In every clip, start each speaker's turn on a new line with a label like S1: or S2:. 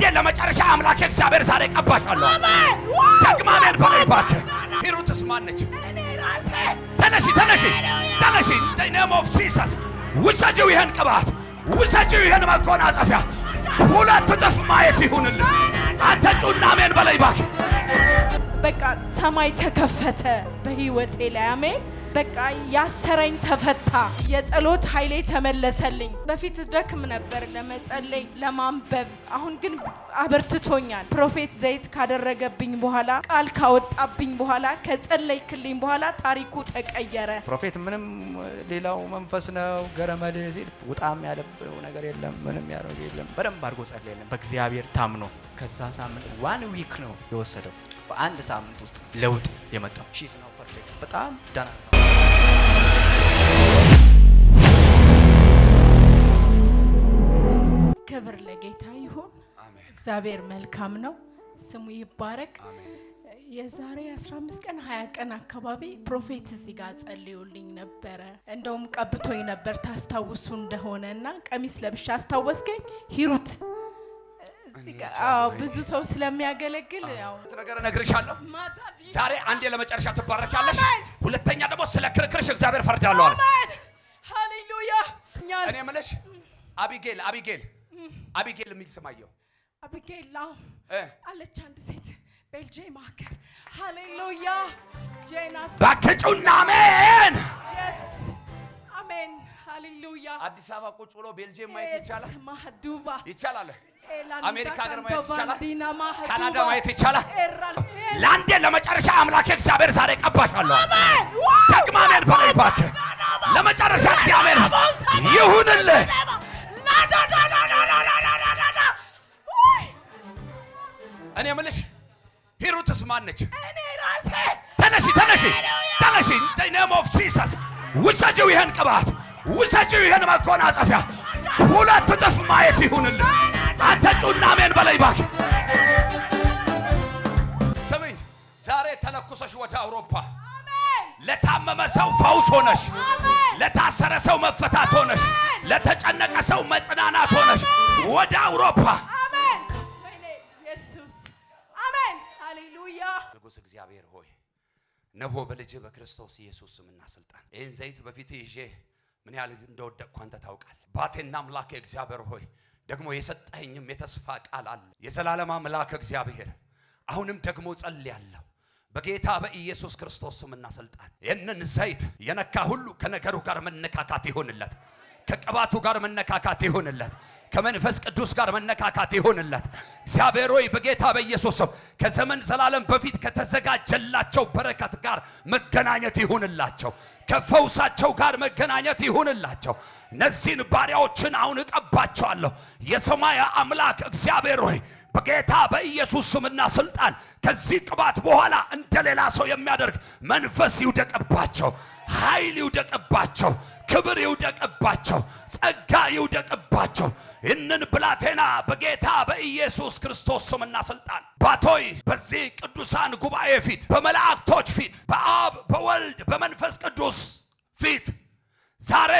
S1: አንዴ ለመጨረሻ አምላክ እግዚአብሔር ዛሬ ቀባሻለሁ። ደግማ ነን በላይ ባክ ሂሩትስ ማነች? ተነሺ ተነሺ ተነሺ። ኔም ኦፍ ጂሰስ ውሰጂው ይሄን ቅባት፣ ውሰጂው ይሄን መጎናጸፊያ ሁለት እጥፍ ማየት ይሁንልህ። አንተ ጩና አሜን በላይ ባክ።
S2: በቃ ሰማይ ተከፈተ በህይወቴ ላይ አሜን። በቃ ያሰረኝ ተፈታ። የጸሎት ኃይሌ ተመለሰልኝ። በፊት ደክም ነበር ለመጸለይ ለማንበብ፣ አሁን ግን አበርትቶኛል። ፕሮፌት ዘይት ካደረገብኝ በኋላ ቃል ካወጣብኝ በኋላ ከጸለይክልኝ በኋላ ታሪኩ ተቀየረ።
S3: ፕሮፌት ምንም ሌላው መንፈስ ነው ገረመል ሲል ውጣም ያለብው ነገር የለም ምንም ያደረገ የለም። በደንብ አድርጎ ጸለየልን በእግዚአብሔር ታምኖ ከዛ ሳምንት ዋን ዊክ ነው የወሰደው። በአንድ ሳምንት ውስጥ ለውጥ የመጣው ሺፍ ነው ፐርፌክት በጣም ደህና
S2: ክብር ለጌታ ይሁን። እግዚአብሔር መልካም ነው፣ ስሙ ይባረክ። የዛሬ 15 ቀን 20 ቀን አካባቢ ፕሮፌት እዚህ ጋር ጸልዩልኝ ነበረ። እንደውም ቀብቶኝ ነበር ታስታውሱ እንደሆነ እና ቀሚስ ለብሻ አስታወስገኝ ሂሩት ብዙ ሰው ስለሚያገለግል
S1: ነገር እነግርሻለሁ። ዛሬ አንዴ ለመጨረሻ ትባረካለሽ፣ ሁለተኛ ደግሞ ስለ ክርክርሽ እግዚአብሔር ፈርዳለዋል።
S2: ሃሌሉያ
S1: እኔ ምልሽ አቢጌል አቢጌል አቢጌል የሚል ስማየው
S2: አቢጌላ አለች አንድ ሴት ቤልጅየም ማከር ሃሌሉያ ጄናስ
S1: ባክጩና አሜን።
S2: የስ አሜን። ሃሌሉያ
S1: አዲስ አበባ ቁጭ ብሎ ቤልጅየም ማየት ይቻላል። ማህዱባ ይቻላል። አሜሪካ ሀገር ማየት ይቻላል። ካናዳ ማየት ይቻላል። ለአንዴ ለመጨረሻ አምላክ እግዚአብሔር ዛሬ ቀባሻለሁ። ደግማ አሜን በለኝ እባክህ። ለመጨረሻ እግዚአብሔር ይሁንልህ ማን ነች?
S2: እኔ ራሴ።
S1: ተነሺ፣ ተነሺ፣ ተነሺ። ኔም ኦፍ ጂሰስ ውሰጂው፣ ይሄን ቅባት ውሰጂው፣ ይሄን መጎናጸፊያ ሁለት እጥፍ ማየት ይሁንልህ። አንተ ጩናሜን በላይ ባክ ስሚኝ፣ ዛሬ ተለኩሰሽ ወደ አውሮፓ ለታመመ ሰው ፈውስ ሆነሽ፣ ለታሰረ ሰው መፈታት ሆነሽ፣ ለተጨነቀ ሰው መጽናናት ሆነሽ ወደ አውሮፓ ቅዱስ እግዚአብሔር ሆይ ነሆ በልጅ በክርስቶስ ኢየሱስ ስምና ስልጣን ይህን ዘይት በፊት ይዤ ምን ያህል እንደወደቅኩ አንተ ታውቃል። ባቴና አምላክ እግዚአብሔር ሆይ ደግሞ የሰጠኸኝም የተስፋ ቃል አለ። የዘላለም አምላክ እግዚአብሔር አሁንም ደግሞ ጸልያለሁ በጌታ በኢየሱስ ክርስቶስ ስምና ስልጣን ይህንን ዘይት የነካ ሁሉ ከነገሩ ጋር መነካካት ይሆንለት። ከቅባቱ ጋር መነካካት ይሆንለት። ከመንፈስ ቅዱስ ጋር መነካካት ይሆንለት። እግዚአብሔር ሆይ በጌታ በኢየሱስ ስም ከዘመን ዘላለም በፊት ከተዘጋጀላቸው በረከት ጋር መገናኘት ይሁንላቸው። ከፈውሳቸው ጋር መገናኘት ይሁንላቸው። እነዚህን ባሪያዎችን አሁን እቀባቸዋለሁ። የሰማይ አምላክ እግዚአብሔር ሆይ በጌታ በኢየሱስ ስምና ስልጣን ከዚህ ቅባት በኋላ እንደሌላ ሰው የሚያደርግ መንፈስ ይውደቅባቸው፣ ኃይል ይውደቅባቸው። ክብር ይውደቅባቸው፣ ጸጋ ይውደቅባቸው። ይህንን ብላቴና በጌታ በኢየሱስ ክርስቶስ ስምና ስልጣን ባቶይ በዚህ ቅዱሳን ጉባኤ ፊት በመላእክቶች ፊት በአብ በወልድ በመንፈስ ቅዱስ ፊት ዛሬ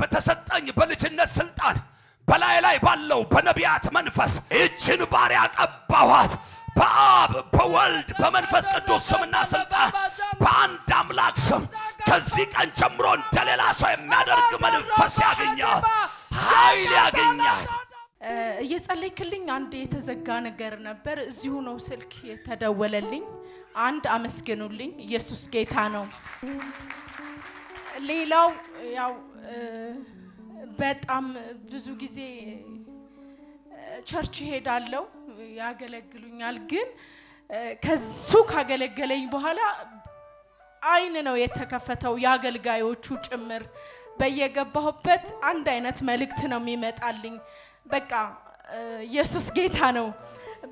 S1: በተሰጠኝ በልጅነት ስልጣን በላይ ላይ ባለው በነቢያት መንፈስ ይችን ባሪያ ቀባኋት። በአብ በወልድ በመንፈስ ቅዱስ ስምና ስልጣን በአንድ አምላክ ስም ከዚህ ቀን ጀምሮ እንደሌላ ሰው የሚያደርግ መንፈስ ያገኛል፣ ኃይል ያገኛል።
S2: እየጸለይክልኝ አንድ የተዘጋ ነገር ነበር። እዚሁ ነው ስልክ የተደወለልኝ። አንድ አመስግኑልኝ፣ ኢየሱስ ጌታ ነው። ሌላው ያው በጣም ብዙ ጊዜ ቸርች እሄዳለሁ፣ ያገለግሉኛል። ግን ከሱ ካገለገለኝ በኋላ አይን ነው የተከፈተው የአገልጋዮቹ ጭምር። በየገባሁበት አንድ አይነት መልእክት ነው የሚመጣልኝ። በቃ ኢየሱስ ጌታ ነው።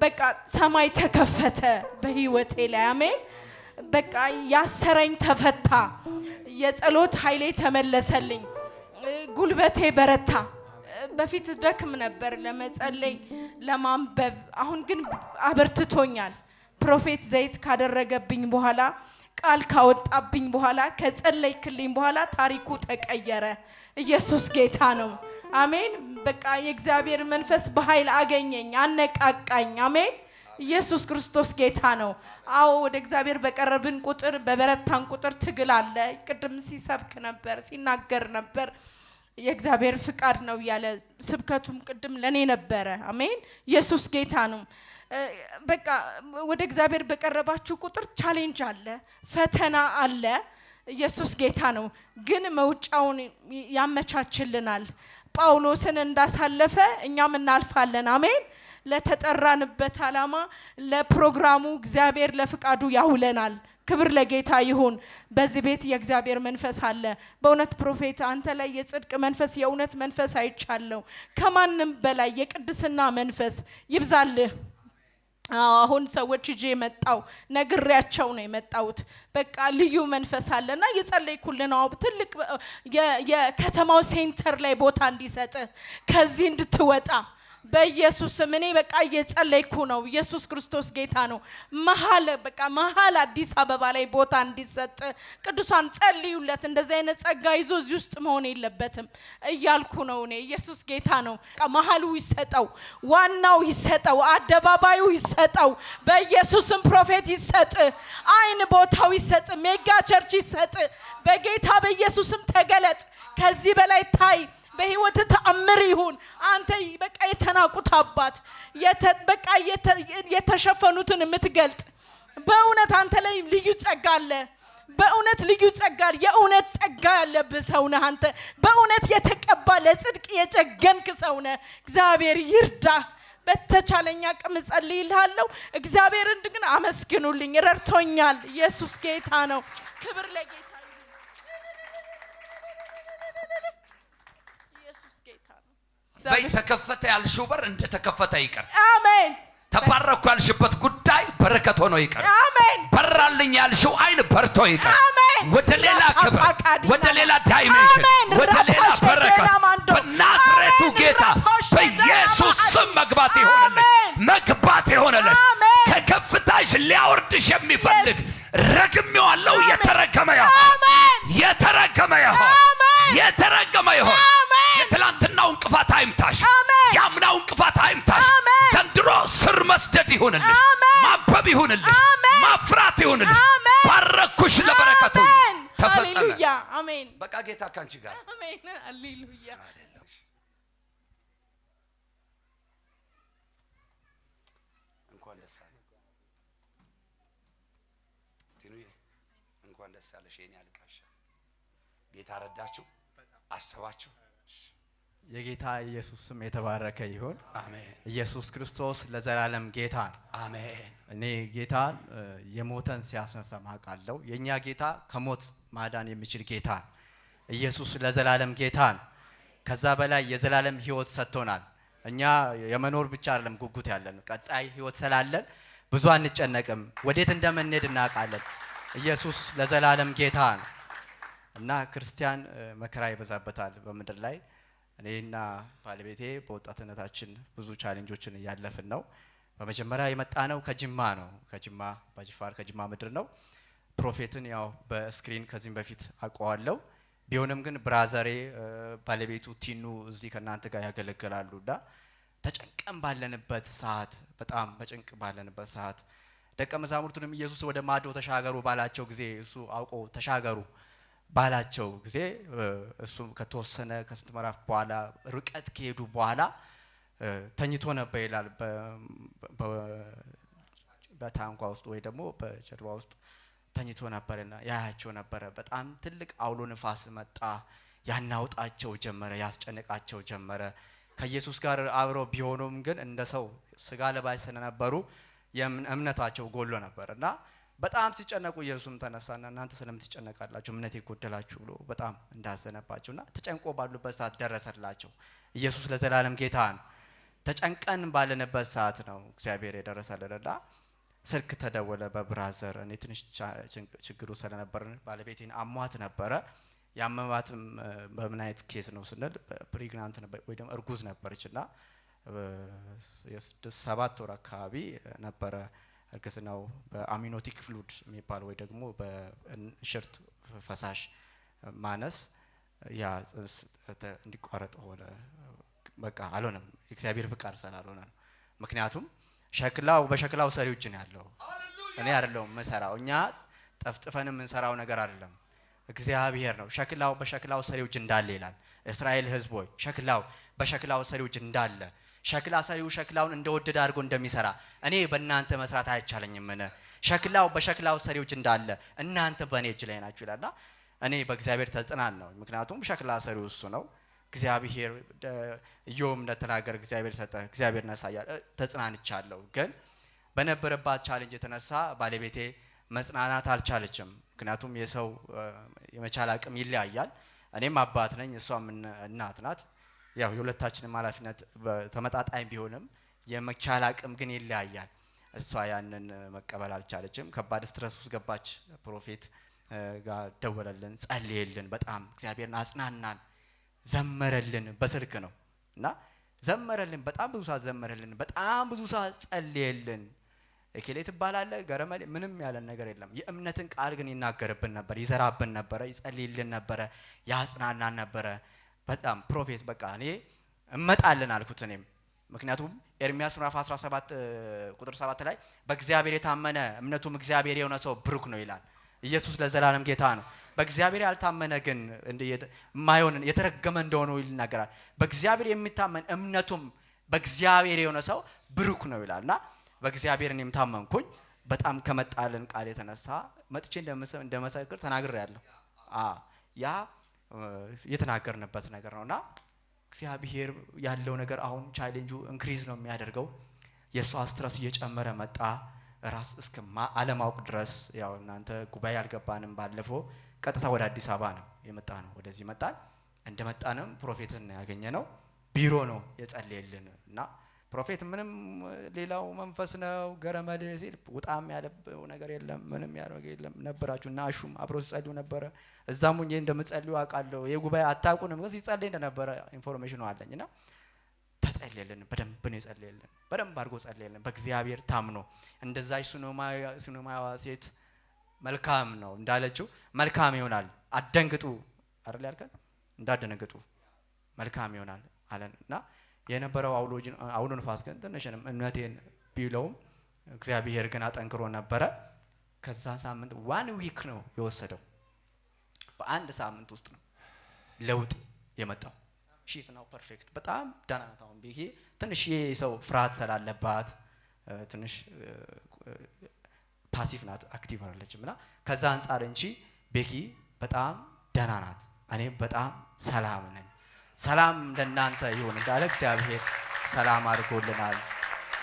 S2: በቃ ሰማይ ተከፈተ በህይወቴ ላይ አሜ። በቃ ያሰረኝ ተፈታ፣ የጸሎት ኃይሌ ተመለሰልኝ፣ ጉልበቴ በረታ። በፊት ደክም ነበር ለመጸለይ ለማንበብ፣ አሁን ግን አበርትቶኛል። ፕሮፌት ዘይት ካደረገብኝ በኋላ ቃል ካወጣብኝ በኋላ ከጸለይክልኝ በኋላ ታሪኩ ተቀየረ። ኢየሱስ ጌታ ነው። አሜን። በቃ የእግዚአብሔር መንፈስ በኃይል አገኘኝ፣ አነቃቃኝ። አሜን። ኢየሱስ ክርስቶስ ጌታ ነው። አዎ ወደ እግዚአብሔር በቀረብን ቁጥር በበረታን ቁጥር ትግል አለ። ቅድም ሲሰብክ ነበር ሲናገር ነበር የእግዚአብሔር ፍቃድ ነው እያለ ስብከቱም ቅድም ለእኔ ነበረ። አሜን። ኢየሱስ ጌታ ነው። በቃ ወደ እግዚአብሔር በቀረባችሁ ቁጥር ቻሌንጅ አለ፣ ፈተና አለ። ኢየሱስ ጌታ ነው፣ ግን መውጫውን ያመቻችልናል። ጳውሎስን እንዳሳለፈ እኛም እናልፋለን። አሜን። ለተጠራንበት ዓላማ ለፕሮግራሙ እግዚአብሔር ለፍቃዱ ያውለናል። ክብር ለጌታ ይሁን። በዚህ ቤት የእግዚአብሔር መንፈስ አለ። በእውነት ፕሮፌት፣ አንተ ላይ የጽድቅ መንፈስ የእውነት መንፈስ አይቻለሁ። ከማንም በላይ የቅድስና መንፈስ ይብዛልህ። አሁን ሰዎች ይዤ የመጣው ነግሬያቸው ነው የመጣሁት። በቃ ልዩ መንፈስ አለና የጸለይኩልን አዎ፣ ትልቅ የከተማው ሴንተር ላይ ቦታ እንዲሰጥ ከዚህ እንድትወጣ በኢየሱስ ስም እኔ በቃ እየጸለይኩ ነው። ኢየሱስ ክርስቶስ ጌታ ነው። መሀል በቃ መሀል አዲስ አበባ ላይ ቦታ እንዲሰጥ ቅዱሳን ጸልዩለት። እንደዚህ አይነት ጸጋ ይዞ እዚህ ውስጥ መሆን የለበትም እያልኩ ነው እኔ። ኢየሱስ ጌታ ነው። መሀሉ ይሰጠው፣ ዋናው ይሰጠው፣ አደባባዩ ይሰጠው። በኢየሱስም ፕሮፌት ይሰጥ፣ አይን ቦታው ይሰጥ፣ ሜጋ ቸርች ይሰጥ። በጌታ በኢየሱስም ተገለጥ። ከዚህ በላይ ታይ በህይወት ተአምር ይሁን። አንተ በቃ የተናቁት አባት፣ በቃ የተሸፈኑትን የምትገልጥ በእውነት አንተ ላይ ልዩ ጸጋ አለ። በእውነት ልዩ ጸጋ የእውነት ጸጋ ያለብህ ሰው ነህ አንተ። በእውነት የተቀባ ለጽድቅ የጨገንክ ሰው ነህ። እግዚአብሔር ይርዳ። በተቻለኛ አቅም እጸልይልሃለሁ። እግዚአብሔር እንድግን አመስግኑልኝ፣ ረድቶኛል። ኢየሱስ ጌታ ነው። ክብር ለጌታ
S1: በይ ተከፈተ ያልሽው በር እንደ ተከፈተ ይቀር። አሜን። ተባረኩ ያልሽበት ጉዳይ በረከት ሆኖ ይቀር። አሜን። በራልኝ ያልሽው አይን በርቶ ይቀር። አሜን። ወደ ሌላ ክብር፣ ወደ ሌላ ዳይሜንሽን፣ ወደ ሌላ በረከት በናዝሬቱ ጌታ በኢየሱስ ስም መግባት ይሆነልሽ፣ መግባት ይሆነልሽ። ከከፍታሽ ሊያወርድሽ የሚፈልግ ረግሜዋለሁ። የተረገመ ይሁን፣ የተረገመ ይሁን፣ የተረገመ ይሁን። አይምታሽ። የአምናው እንቅፋት አይምታሽ። ዘንድሮ ስር መስደድ ይሁንልሽ፣ ማበብ ይሁንልሽ፣ ማፍራት ይሁንልሽ። ባረኩሽ። ለበረከቱ
S2: ተፈጸመ። በቃ
S1: ጌታ ካንቺ ጋር እንኳን ደስ ያለሽ የኔ አልቃሻ። ጌታ ረዳችሁ፣ አሰባችሁ።
S3: የጌታ ኢየሱስ ስም የተባረከ ይሁን። አሜን። ኢየሱስ ክርስቶስ ለዘላለም ጌታ ነው።
S1: አሜን። እኔ
S3: ጌታ የሞተን ሲያስነሳ ማቃለው። የእኛ ጌታ ከሞት ማዳን የሚችል ጌታ ነው። ኢየሱስ ለዘላለም ጌታ ነው። ከዛ በላይ የዘላለም ህይወት ሰጥቶናል። እኛ የመኖር ብቻ አይደለም ጉጉት ያለን ቀጣይ ህይወት ስላለን ብዙ አንጨነቅም። ወዴት እንደምንሄድ እናውቃለን። ኢየሱስ ለዘላለም ጌታ ነው እና ክርስቲያን መከራ ይበዛበታል በምድር ላይ እኔና ባለቤቴ በወጣትነታችን ብዙ ቻሌንጆችን እያለፍን ነው። በመጀመሪያ የመጣ ነው ከጅማ ነው። ከጅማ ባጅፋር ከጅማ ምድር ነው። ፕሮፌትን ያው በስክሪን ከዚህም በፊት አውቀዋለሁ። ቢሆንም ግን ብራዘሬ ባለቤቱ ቲኑ እዚህ ከእናንተ ጋር ያገለግላሉ እና ተጨንቀን ባለንበት ሰዓት በጣም በጭንቅ ባለንበት ሰዓት ደቀ መዛሙርቱንም ኢየሱስ ወደ ማዶ ተሻገሩ ባላቸው ጊዜ እሱ አውቆ ተሻገሩ ባላቸው ጊዜ እሱም ከተወሰነ ከስንት ምዕራፍ በኋላ ርቀት ከሄዱ በኋላ ተኝቶ ነበር ይላል። በታንኳ ውስጥ ወይ ደግሞ በጀልባ ውስጥ ተኝቶ ነበርና ያያቸው ነበረ። በጣም ትልቅ አውሎ ንፋስ መጣ፣ ያናውጣቸው ጀመረ፣ ያስጨንቃቸው ጀመረ። ከኢየሱስ ጋር አብረው ቢሆኑም ግን እንደ ሰው ስጋ ለባይ ስለነበሩ እምነታቸው ጎሎ ነበር እና በጣም ሲጨነቁ ኢየሱስም ተነሳና እናንተ ትጨነቃላችሁ? እምነት የጎደላችሁ ብሎ በጣም እንዳዘነባቸውና ተጨንቆ ባሉበት ሰዓት ደረሰላቸው። ኢየሱስ ለዘላለም ጌታ ነው። ተጨንቀን ባለንበት ሰዓት ነው እግዚአብሔር የደረሰልንና ስልክ ተደወለ። በብራዘር እኔ ትንሽ ችግሩ ስለነበር ባለቤቴን አሟት ነበረ። ያመማትም በምን አይነት ኬስ ነው ስንል ፕሪግናንት ወይ ደግሞ እርጉዝ ነበረችና የስድስት ሰባት ወር አካባቢ ነበረ እርግዝናው በአሚኖቲክ ፍሉድ የሚባል ወይ ደግሞ በሽርት ፈሳሽ ማነስ ያ ጽንስ እንዲቋረጥ ሆነ። በቃ አልሆነም፣ እግዚአብሔር ፍቃድ ስላልሆነ ነው። ምክንያቱም ሸክላው በሸክላው ሰሪ እጅ ነው ያለው፣ እኔ አይደለሁም የምሰራው። እኛ ጠፍጥፈን የምንሰራው ነገር አይደለም፣ እግዚአብሔር ነው። ሸክላው በሸክላው ሰሪ እጅ እንዳለ ይላል። እስራኤል ሕዝብ ሆይ ሸክላው በሸክላው ሰሪ እጅ እንዳለ ሸክላ ሰሪው ሸክላውን እንደወደደ አድርጎ እንደሚሰራ እኔ በእናንተ መስራት አይቻለኝም። ሸክላው በሸክላው ሰሪዎች እንዳለ እናንተ በእኔ እጅ ላይ ናችሁ ይላልና እኔ በእግዚአብሔር ተጽናን ነው። ምክንያቱም ሸክላ ሰሪው እሱ ነው። እግዚአብሔር እዮም እንደተናገር እግዚአብሔር ሰጠ፣ እግዚአብሔር ነሳ እያለ ተጽናንቻለሁ። ግን በነበረባት ቻሌንጅ የተነሳ ባለቤቴ መጽናናት አልቻለችም። ምክንያቱም የሰው የመቻል አቅም ይለያያል። እኔም አባት ነኝ፣ እሷም እናት ናት። ያው የሁለታችንም ኃላፊነት ተመጣጣኝ ቢሆንም የመቻል አቅም ግን ይለያያል። እሷ ያንን መቀበል አልቻለችም። ከባድ ስትረስ ውስጥ ገባች። ፕሮፌት ጋር ደወለልን፣ ጸልየልን፣ በጣም እግዚአብሔርን አጽናናን፣ ዘመረልን። በስልክ ነው እና ዘመረልን። በጣም ብዙ ሰዓት ዘመረልን፣ በጣም ብዙ ሰዓት ጸልየልን። እኬሌ ትባላለ ገረመሌ ምንም ያለን ነገር የለም። የእምነትን ቃል ግን ይናገርብን ነበር፣ ይዘራብን ነበረ፣ ይጸልይልን ነበረ፣ ያጽናናን ነበረ። በጣም ፕሮፌት በቃ እኔ እመጣልን አልኩት። እኔም ምክንያቱም ኤርሚያስ ምዕራፍ 17 ቁጥር 7 ላይ በእግዚአብሔር የታመነ እምነቱም እግዚአብሔር የሆነ ሰው ብሩክ ነው ይላል። ኢየሱስ ለዘላለም ጌታ ነው። በእግዚአብሔር ያልታመነ ግን የማይሆን የተረገመ እንደሆነ ይናገራል። በእግዚአብሔር የሚታመን እምነቱም በእግዚአብሔር የሆነ ሰው ብሩክ ነው ይላል እና በእግዚአብሔር እኔም ታመንኩኝ። በጣም ከመጣልን ቃል የተነሳ መጥቼ እንደመሰክር ተናግሬያለሁ። ያ የተናገርንበት ነገር ነው እና እግዚአብሔር ያለው ነገር አሁን ቻሌንጁ እንክሪዝ ነው የሚያደርገው። የእሷ ስትረስ እየጨመረ መጣ። ራስ እስከ አለማወቅ ድረስ ያው እናንተ ጉባኤ አልገባንም። ባለፈው ቀጥታ ወደ አዲስ አበባ ነው የመጣ ነው ወደዚህ መጣን። እንደመጣንም ፕሮፌትን ያገኘ ነው ቢሮ ነው የጸለየልን እና ፕሮፌት ምንም ሌላው መንፈስ ነው ገረመል ሲል ውጣም ያለው ነገር የለም። ምንም ያደረገ የለም ነበራችሁ እና አሹም አብሮ ሲጸልዩ ነበረ። እዛም ሁኜ እንደምጸልዩ አውቃለሁ። የጉባኤ አታውቁንም ግን ሲጸልይ እንደነበረ ኢንፎርሜሽን አለኝ እና ተጸልየልን በደንብ ነው የጸልየልን። በደንብ አድርጎ ጸልየልን በእግዚአብሔር ታምኖ እንደዛ ሱነማዋ ሴት መልካም ነው እንዳለችው መልካም ይሆናል። አደንግጡ አይደል ያልከን፣ እንዳደነግጡ መልካም ይሆናል አለን እና የነበረው አውሎ ንፋስ ግን ትንሽንም እምነቴን ቢለውም እግዚአብሔር ግን አጠንክሮ ነበረ። ከዛ ሳምንት ዋን ዊክ ነው የወሰደው። በአንድ ሳምንት ውስጥ ነው ለውጥ የመጣው። ሺት ነው ፐርፌክት፣ በጣም ደህና ናት። አሁን ቤኪ ትንሽ የሰው ፍርሃት ስላለባት ትንሽ ፓሲቭ ናት፣ አክቲቭ አይደለችም። እና ከዛ አንጻር እንጂ ቤኪ በጣም ደህና ናት። እኔ በጣም ሰላም ነኝ። ሰላም ለእናንተ ይሁን እንዳለ እግዚአብሔር ሰላም አድርጎልናል።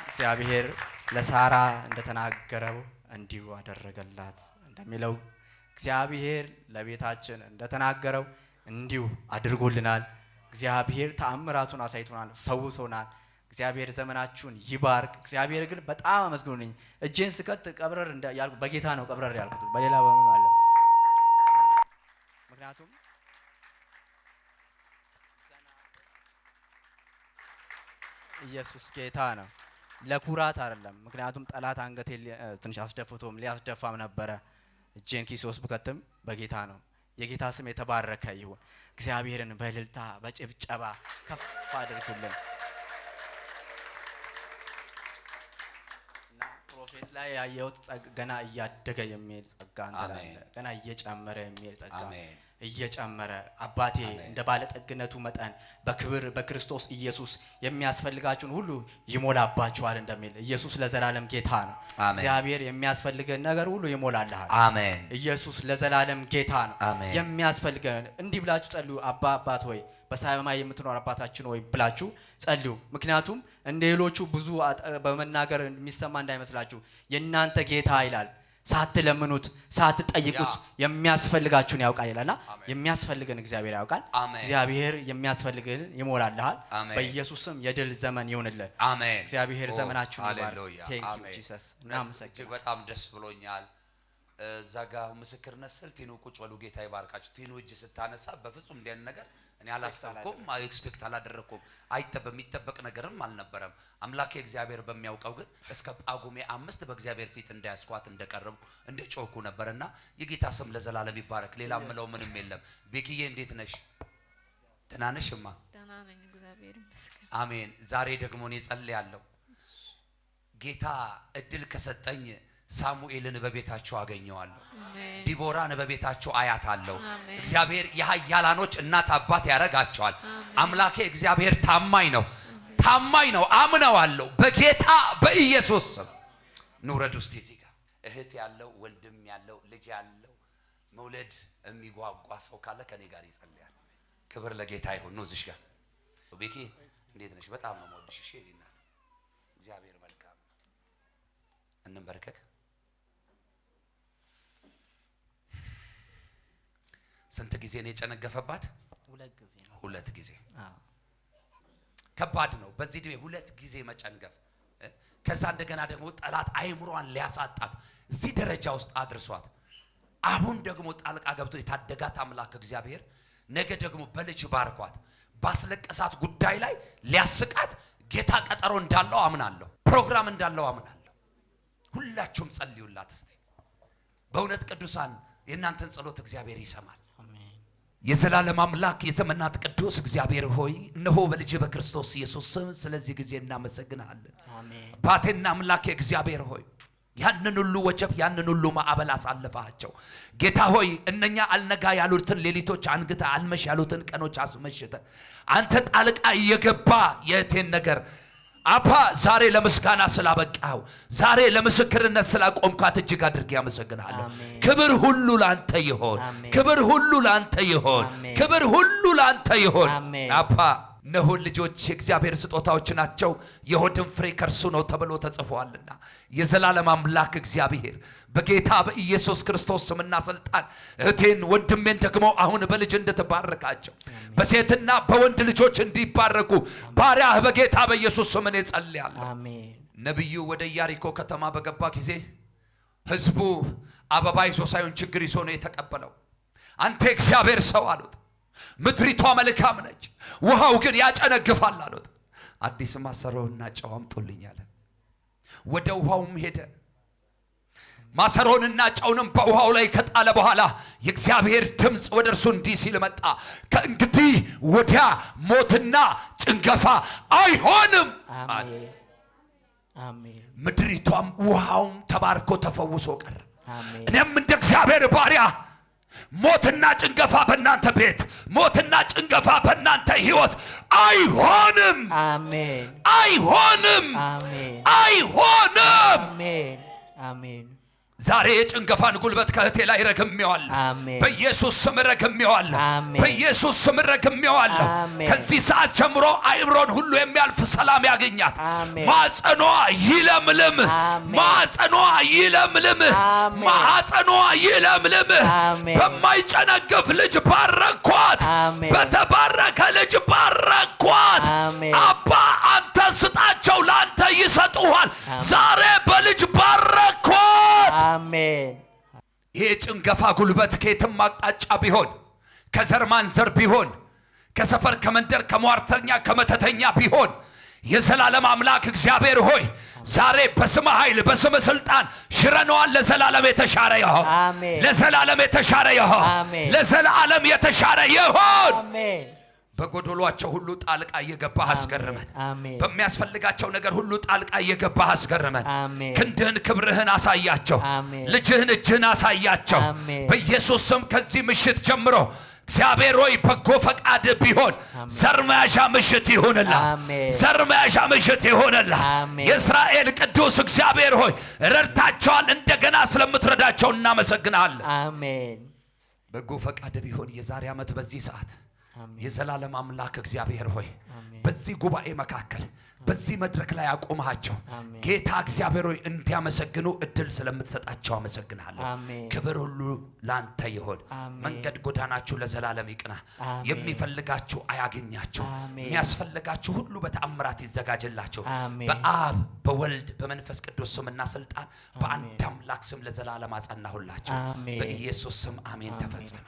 S3: እግዚአብሔር ለሳራ እንደተናገረው እንዲሁ አደረገላት እንደሚለው እግዚአብሔር ለቤታችን እንደተናገረው እንዲሁ አድርጎልናል። እግዚአብሔር ተአምራቱን አሳይቶናል፣ ፈውሶናል። እግዚአብሔር ዘመናችሁን ይባርክ። እግዚአብሔር ግን በጣም አመስግኑልኝ። እጄን ስከት ቀብረር ያልኩት በጌታ ነው። ቀብረር ያልኩት በሌላ በምን አለ? ምክንያቱም ኢየሱስ ጌታ ነው። ለኩራት አይደለም። ምክንያቱም ጠላት አንገቴ ትንሽ አስደፍቶም ሊያስደፋም ነበረ። እጄን ኪስ ውስጥ ብከትም በጌታ ነው። የጌታ ስም የተባረከ ይሁን። እግዚአብሔርን በእልልታ በጭብጨባ ከፍ አድርጉልን። ፕሮፌት ላይ ያየሁት ገና እያደገ የሚሄድ ጸጋ ገና እየጨመረ የሚሄድ ጸጋ እየጨመረ አባቴ እንደ ባለጠግነቱ መጠን በክብር በክርስቶስ ኢየሱስ የሚያስፈልጋችሁን ሁሉ ይሞላባችኋል እንደሚል ኢየሱስ ለዘላለም ጌታ ነው። እግዚአብሔር የሚያስፈልገን ነገር ሁሉ ይሞላልሃል። አሜን። ኢየሱስ ለዘላለም ጌታ ነው። የሚያስፈልገን እንዲህ ብላችሁ ጸልዩ። አባ አባት ሆይ በሰማይ የምትኖር አባታችን ሆይ ብላችሁ ጸልዩ። ምክንያቱም እንደ ሌሎቹ ብዙ በመናገር የሚሰማ እንዳይመስላችሁ የእናንተ ጌታ ይላል ሳትለምኑት ሳትጠይቁት የሚያስፈልጋችሁን ያውቃል ይላልና የሚያስፈልግን እግዚአብሔር ያውቃል። እግዚአብሔር የሚያስፈልግን ይሞላልሃል።
S1: በኢየሱስም
S3: የድል ዘመን ይሁንልን። እግዚአብሔር ዘመናችሁን
S1: እጅግ በጣም ደስ ብሎኛል። እዛ ጋ ምስክርነት ስል ቲኑ ቁጭ በሉ ጌታ ይባርካችሁ። ቲኑ እጅ ስታነሳ በፍጹም እንዲያን ነገር እኔ አላሰብኩም፣ ኤክስፔክት አላደረግኩም። አይጠበቅ የሚጠበቅ ነገርም አልነበረም። አምላኬ እግዚአብሔር በሚያውቀው ግን እስከ ጳጉሜ አምስት በእግዚአብሔር ፊት እንዳያስኳት እንደቀረብኩ እንደ ጮኩ ነበርና የጌታ ስም ለዘላለም ይባረክ። ሌላ ምለው ምንም የለም። ቤክዬ እንዴት ነሽ? ደህና ነሽ? አሜን። ዛሬ ደግሞ እኔ ጸልያለሁ ጌታ እድል ከሰጠኝ ሳሙኤልን በቤታቸው አገኘዋለሁ። ዲቦራን በቤታቸው አያታለሁ። እግዚአብሔር የኃያላኖች እናት አባት ያደርጋቸዋል። አምላኬ እግዚአብሔር ታማኝ ነው፣ ታማኝ ነው። አምነዋለሁ በጌታ በኢየሱስ ስም። ንውረድ ውስጥ እዚህ ጋር እህት ያለው ወንድም ያለው ልጅ ያለው መውለድ የሚጓጓ ሰው ካለ ከኔ ጋር ይጸልያል። ክብር ለጌታ ይሁን። ነው እዚህ ጋር ቤኪ እንዴት ነሽ? በጣም ነው የምወድሽ። እሺ፣ እግዚአብሔር መልካም። እንበርከክ ስንት ጊዜ ነው የጨነገፈባት? ሁለት ጊዜ። ከባድ ነው በዚህ ዕድሜ ሁለት ጊዜ መጨንገፍ። ከዛ እንደገና ደግሞ ጠላት አይምሯን ሊያሳጣት እዚህ ደረጃ ውስጥ አድርሷት፣ አሁን ደግሞ ጣልቃ ገብቶ የታደጋት አምላክ እግዚአብሔር ነገ ደግሞ በልጅ ባርኳት፣ ባስለቀሳት ጉዳይ ላይ ሊያስቃት ጌታ ቀጠሮ እንዳለው አምናለሁ፣ ፕሮግራም እንዳለው አምናለሁ። ሁላችሁም ጸልዩላት እስቲ። በእውነት ቅዱሳን የእናንተን ጸሎት እግዚአብሔር ይሰማል። የዘላለም አምላክ የዘመናት ቅዱስ እግዚአብሔር ሆይ እነሆ በልጅ በክርስቶስ ኢየሱስ ስም ስለዚህ ጊዜ እናመሰግናለን። አባቴና አምላክ እግዚአብሔር ሆይ ያንን ሁሉ ወጀብ ያንን ሁሉ ማዕበል አሳልፈሃቸው ጌታ ሆይ እነኛ አልነጋ ያሉትን ሌሊቶች አንግተ አልመሽ ያሉትን ቀኖች አስመሽተ አንተ ጣልቃ እየገባ የእቴን ነገር አፓ ዛሬ ለምስጋና ስላበቃው ዛሬ ለምስክርነት ስላቆምኳት እጅግ አድርጌ ያመሰግናለሁ። ክብር ሁሉ ላንተ ይሆን፣ ክብር ሁሉ ላንተ ይሆን፣ ክብር ሁሉ ላንተ ይሆን አፓ እነሆን ልጆች የእግዚአብሔር ስጦታዎች ናቸው፣ የሆድን ፍሬ ከርሱ ነው ተብሎ ተጽፏልና። የዘላለም አምላክ እግዚአብሔር በጌታ በኢየሱስ ክርስቶስ ስምና ስልጣን እህቴን ወንድሜን ደግሞ አሁን በልጅ እንድትባርካቸው በሴትና በወንድ ልጆች እንዲባረኩ ባሪያህ በጌታ በኢየሱስ ስም እኔ ነቢዩ ወደ ኢያሪኮ ከተማ በገባ ጊዜ ህዝቡ አበባ ይዞ ሳይሆን ችግር ይዞ ነው የተቀበለው። አንተ እግዚአብሔር ሰው አሉት። ምድሪቷ መልካም ነች፣ ውሃው ግን ያጨነግፋል አሉት። አዲስ ማሰሮና ጨው አምጡልኝ አለ። ወደ ውሃውም ሄደ። ማሰሮንና ጨውንም በውሃው ላይ ከጣለ በኋላ የእግዚአብሔር ድምፅ ወደ እርሱ እንዲህ ሲል መጣ። ከእንግዲህ ወዲያ ሞትና ጭንገፋ አይሆንም። ምድሪቷም ውሃውም ተባርኮ ተፈውሶ ቀረ። እኔም እንደ እግዚአብሔር ባሪያ ሞትና ጭንገፋ በእናንተ ቤት፣ ሞትና ጭንገፋ በእናንተ ህይወት አይሆንም፣ አይሆንም፣ አይሆንም። አሜን። ዛሬ የጭንገፋን ጉልበት ከእቴ ላይ ረግሜዋለሁ። በኢየሱስ ስም ረግሜዋለሁ። በኢየሱስ ስም ረግሜዋለሁ። ከዚህ ሰዓት ጀምሮ አይምሮን ሁሉ የሚያልፍ ሰላም ያገኛት። ማጸኗ ይለምልም፣ ማጸኗ ይለምልም፣
S2: ማጸኗ
S1: ይለምልም። በማይጨነገፍ ልጅ ባረኳት፣
S2: በተባረከ
S1: ልጅ ባረኳት። አባ አንተ ስጣቸው፣ ለአንተ ይሰጡኋል። ዛሬ በልጅ ባረኳት።
S2: አሜን።
S1: ይሄ ጭንገፋ ጉልበት ከየትም አቅጣጫ ቢሆን ከዘር ማንዘር ቢሆን ከሰፈር ከመንደር ከሟርተኛ ከመተተኛ ቢሆን የዘላለም አምላክ እግዚአብሔር ሆይ ዛሬ በስመ ኃይል በስመ ስልጣን ሽረነዋል። ለዘላለም የተሻረ ይሆን፣ ለዘላለም የተሻረ ይሆን፣
S2: ለዘላለም
S1: የተሻረ ይሆን። በጎዶሏቸው ሁሉ ጣልቃ እየገባህ አስገርመን።
S2: በሚያስፈልጋቸው
S1: ነገር ሁሉ ጣልቃ እየገባህ አስገርመን። ክንድህን፣ ክብርህን አሳያቸው። ልጅህን፣ እጅህን አሳያቸው። በኢየሱስ ስም ከዚህ ምሽት ጀምሮ እግዚአብሔር ሆይ በጎ ፈቃድ ቢሆን ዘር መያዣ ምሽት ይሆንላት፣ ዘር መያዣ ምሽት ይሆንላት። የእስራኤል ቅዱስ እግዚአብሔር ሆይ ረድታቸዋል፣ እንደገና ስለምትረዳቸው እናመሰግናለን። አሜን። በጎ ፈቃድ ቢሆን የዛሬ ዓመት በዚህ ሰዓት የዘላለም አምላክ እግዚአብሔር ሆይ በዚህ ጉባኤ መካከል በዚህ መድረክ ላይ አቆምሃቸው ጌታ እግዚአብሔር ሆይ እንዲያመሰግኑ እድል ስለምትሰጣቸው አመሰግናለሁ። ክብር ሁሉ ለአንተ ይሆን። መንገድ ጎዳናችሁ ለዘላለም ይቅና። የሚፈልጋችሁ አያገኛችሁ። የሚያስፈልጋችሁ ሁሉ በተአምራት ይዘጋጅላችሁ። በአብ በወልድ በመንፈስ ቅዱስ ስምና ስልጣን በአንድ አምላክ ስም ለዘላለም አጸናሁላችሁ። በኢየሱስ ስም አሜን። ተፈጸመ።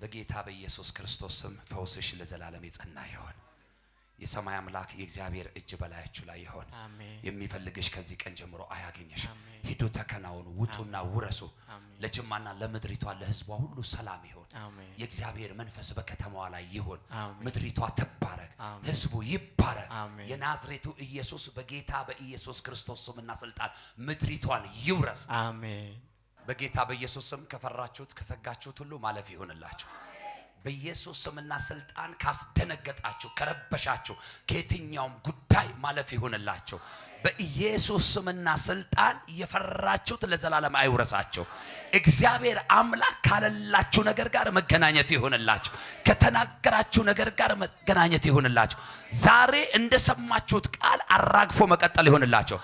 S1: በጌታ በኢየሱስ ክርስቶስ ስም ፈውስሽ ለዘላለም የጸና ይሆን። የሰማይ አምላክ የእግዚአብሔር እጅ በላያችሁ ላይ ይሆን።
S2: የሚፈልግሽ
S1: ከዚህ ቀን ጀምሮ አያገኘሽ። ሂዱ፣ ተከናወኑ፣ ውጡና ውረሱ። ለጅማና ለምድሪቷ ለሕዝቧ ሁሉ ሰላም ይሆን። የእግዚአብሔር መንፈስ በከተማዋ ላይ ይሆን። ምድሪቷ ትባረክ፣ ሕዝቡ ይባረክ። የናዝሬቱ ኢየሱስ በጌታ በኢየሱስ ክርስቶስ ስምና ስልጣን ምድሪቷን ይውረስ። አሜን። በጌታ በኢየሱስ ስም ከፈራችሁት ከሰጋችሁት ሁሉ ማለፍ ይሆንላችሁ። በኢየሱስ ስምና ስልጣን ካስደነገጣችሁ ከረበሻችሁ ከየትኛውም ጉዳይ ማለፍ ይሆንላችሁ። በኢየሱስ ስምና ስልጣን የፈራችሁት ለዘላለም አይውረሳቸው እግዚአብሔር አምላክ ካለላችሁ ነገር ጋር መገናኘት ይሆንላችሁ። ከተናገራችሁ ነገር ጋር መገናኘት ይሆንላችሁ። ዛሬ እንደሰማችሁት ቃል አራግፎ መቀጠል ይሆንላችሁ።